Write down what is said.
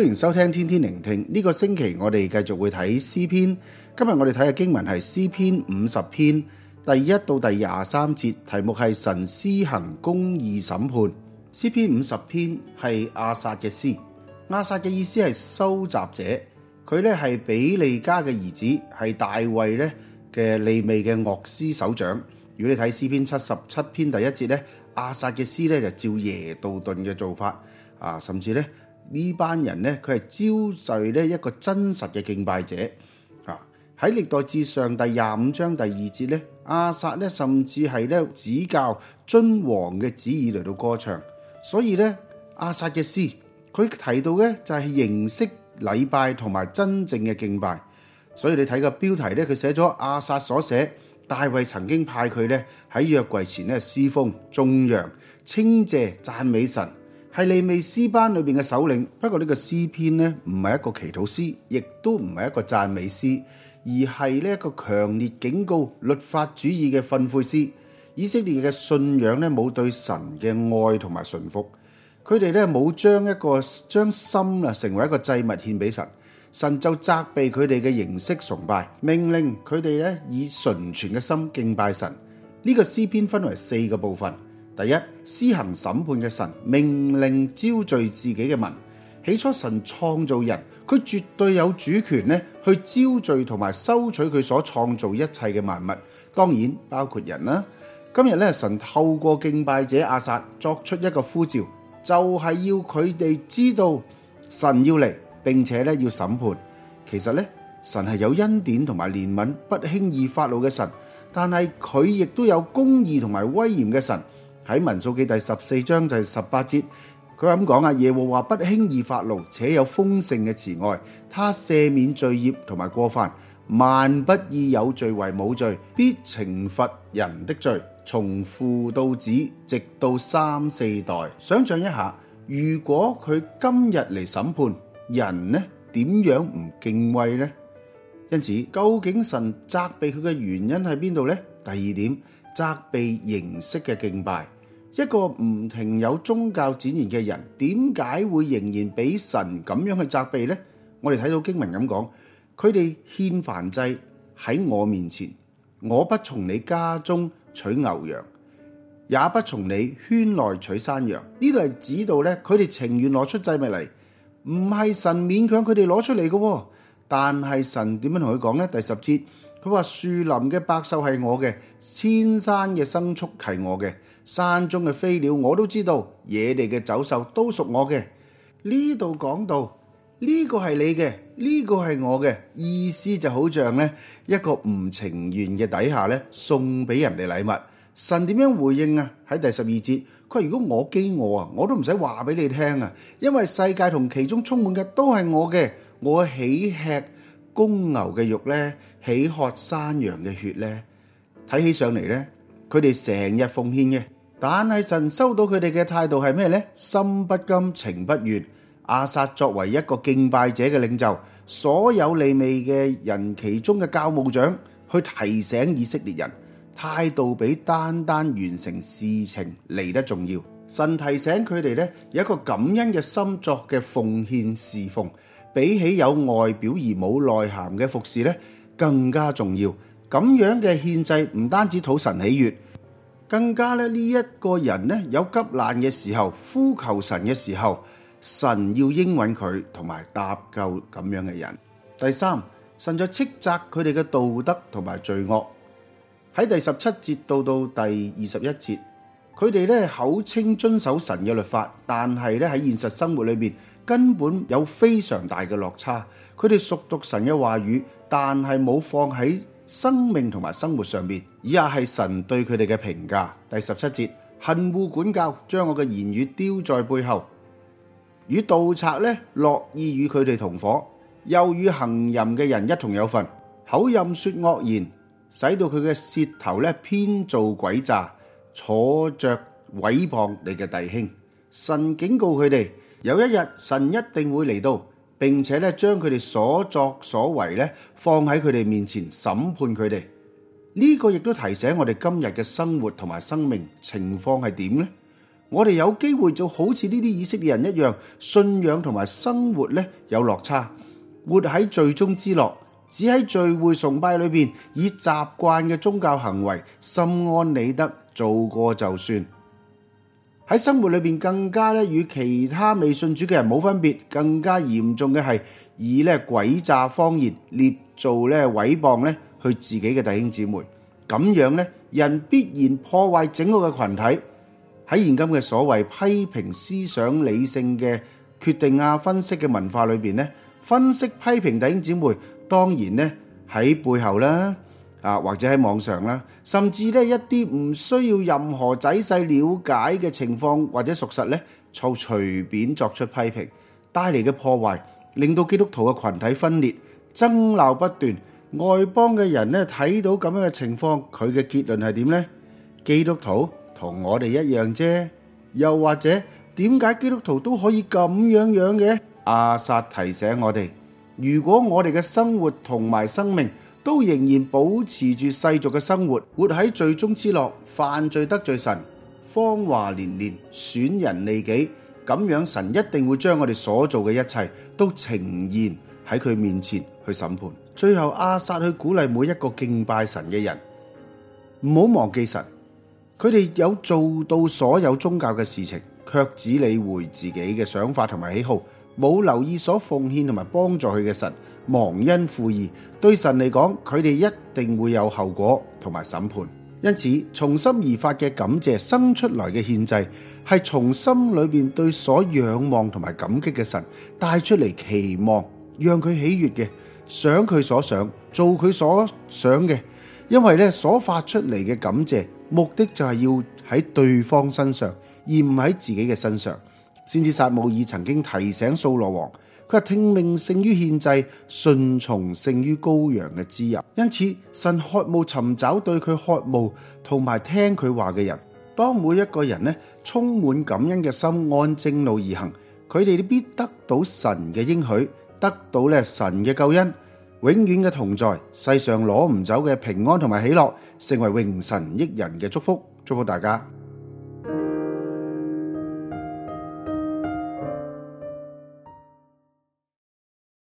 歡迎收聽天天聆聽，呢個星期我哋繼續會睇詩篇，今日我哋睇嘅經文係詩篇五十篇第一到第二十三節，題目係神施行公義審判。詩篇五十篇係阿薩嘅詩，阿薩嘅意思係收集者，佢咧係比利迦嘅兒子，係大衛咧嘅利未嘅樂師首長。如果你睇詩篇七十七篇第一節咧，阿薩嘅詩咧就照耶杜頓嘅做法啊，甚至咧。呢班人咧，佢係招聚呢一個真實嘅敬拜者啊！喺歷代志上第廿五章第二節咧，亞薩咧甚至係咧指教遵王嘅旨意嚟到歌唱，所以咧亞薩嘅詩佢提到嘅就係形式禮拜同埋真正嘅敬拜，所以你睇個標題咧，佢寫咗亞薩所寫，大衛曾經派佢咧喺約櫃前咧事奉、頌揚、稱謝、讚美神。係利未詩班裏面嘅首領，不過呢個詩篇呢，唔係一個祈禱詩，亦都唔係一個讚美詩，而係呢一個強烈警告律法主義嘅訓誨詩。以色列嘅信仰呢，冇對神嘅愛同埋順服，佢哋呢，冇將一個將心啊成為一個祭物獻俾神，神就責備佢哋嘅形式崇拜，命令佢哋呢以純全嘅心敬拜神。呢、這個詩篇分為四個部分。第一，施行審判嘅神命令招聚自己嘅民。起初神創造人，佢絕對有主權咧去招聚同埋收取佢所創造一切嘅萬物，當然包括人啦。今日咧，神透過敬拜者亞薩作出一個呼召，就係、是、要佢哋知道神要嚟，並且咧要審判。其實咧，神係有恩典同埋憐憫，不輕易發怒嘅神，但係佢亦都有公義同埋威嚴嘅神。喺民數記第十四章就係十八節，佢咁講啊，耶和華不輕易發怒，且有豐盛嘅慈愛，他赦免罪孽同埋過犯，萬不以有罪為無罪，必懲罰人的罪，從父到子，直到三四代。想象一下，如果佢今日嚟，審判人呢，點樣唔敬畏呢？因此，究竟神責備佢嘅原因喺邊度呢？第二點。責備形式嘅敬拜，一個唔停有宗教展現嘅人，點解會仍然俾神咁樣去責備呢？我哋睇到經文咁講，佢哋獻燔祭喺我面前，我不從你家中取牛羊，也不從你圈內取山羊。呢度係指導咧，佢哋情願攞出祭物嚟，唔係神勉強佢哋攞出嚟嘅。但係神點樣同佢講呢？第十節。佢話樹林嘅百獸係我嘅，千山嘅牲畜係我嘅，山中嘅飛鳥我都知道，野地嘅走獸都屬我嘅。呢度講到呢個係你嘅，呢個係我嘅，意思就好像呢一個唔情願嘅底下呢，送俾人哋禮物。神點樣回應啊？喺第十二節，佢話如果我飢餓啊，我都唔使話俾你聽啊，因為世界同其中充滿嘅都係我嘅，我豈吃公牛嘅肉呢？」喜喝山羊嘅血呢？睇起上嚟呢，佢哋成日奉獻嘅，但係神收到佢哋嘅態度係咩呢？心不甘情不願。亞薩作為一個敬拜者嘅領袖，所有利未嘅人其中嘅教務長，去提醒以色列人，態度比單單完成事情嚟得重要。神提醒佢哋呢，有一個感恩嘅心作嘅奉獻侍奉，比起有外表而冇內涵嘅服侍呢，更加重要。咁樣嘅獻祭唔單止討神喜悅，更加咧，呢一個人呢，有急難嘅時候呼求神嘅時候，神要應允佢同埋搭救咁樣嘅人。第三，神在斥責佢哋嘅道德同埋罪惡，喺第十七節到到第二十一節，佢哋咧，口稱遵守神嘅律法，但係咧喺現實生活裏面，根本有非常大嘅落差。佢哋熟讀神嘅話語。但係冇放喺生命同埋生活上面，以下係神對佢哋嘅評價。第十七節，恨惡管教，將我嘅言語丟在背後，與盜賊咧樂意與佢哋同夥，又與行淫嘅人一同有份，口任說惡言，使到佢嘅舌頭咧編造詭詐，坐着毀謗你嘅弟兄。神警告佢哋，有一日神一定會嚟到。並且咧，將佢哋所作所為咧，放喺佢哋面前審判佢哋。呢個亦都提醒我哋今日嘅生活同埋生命情況係點呢？我哋有機會就好似呢啲以色列人一樣，信仰同埋生活咧有落差，活喺罪中之樂，只喺聚會崇拜裏邊以習慣嘅宗教行為心安理得，做過就算。喺生活裏邊更加咧，與其他未信主嘅人冇分別，更加嚴重嘅係以咧詭詐謊言捏造咧毀謗咧去自己嘅弟兄姊妹，咁樣咧人必然破壞整個嘅羣體。喺現今嘅所謂批評思想理性嘅決定啊、分析嘅文化裏邊咧，分析批評弟兄姊妹，當然咧喺背後啦。啊，或者喺網上啦，甚至咧一啲唔需要任何仔細了解嘅情況或者屬實咧，就隨便作出批評，帶嚟嘅破壞令到基督徒嘅羣體分裂，爭鬧不斷。外邦嘅人咧睇到咁樣嘅情況，佢嘅結論係點呢？基督徒同我哋一樣啫。又或者點解基督徒都可以咁樣樣嘅？亞薩提醒我哋，如果我哋嘅生活同埋生命，都仍然保持住世俗嘅生活，活喺罪中之樂，犯罪得罪神，謊話連連，損人利己，咁樣神一定會將我哋所做嘅一切都呈現喺佢面前去審判。最後亞薩去鼓勵每一個敬拜神嘅人，唔好忘記神，佢哋有做到所有宗教嘅事情，却只理會自己嘅想法同埋喜好，冇留意所奉獻同埋幫助佢嘅神。忘恩負義對神嚟講，佢哋一定會有後果同埋審判。因此，從心而發嘅感謝生出來嘅獻祭，係從心裏邊對所仰望同埋感激嘅神帶出嚟期望，讓佢喜悅嘅，想佢所想，做佢所想嘅。因為咧所發出嚟嘅感謝，目的就係要喺對方身上，而唔喺自己嘅身上。先知撒母耳曾經提醒掃羅王。佢係聽命勝於獻祭，順從勝於羔羊嘅脂油，因此神渴慕尋找對佢渴慕同埋聽佢話嘅人，當每一個人咧充滿感恩嘅心，按正路而行，佢哋必得到神嘅應許，得到咧神嘅救恩，永遠嘅同在，世上攞唔走嘅平安同埋喜樂，成為榮神益人嘅祝福，祝福大家。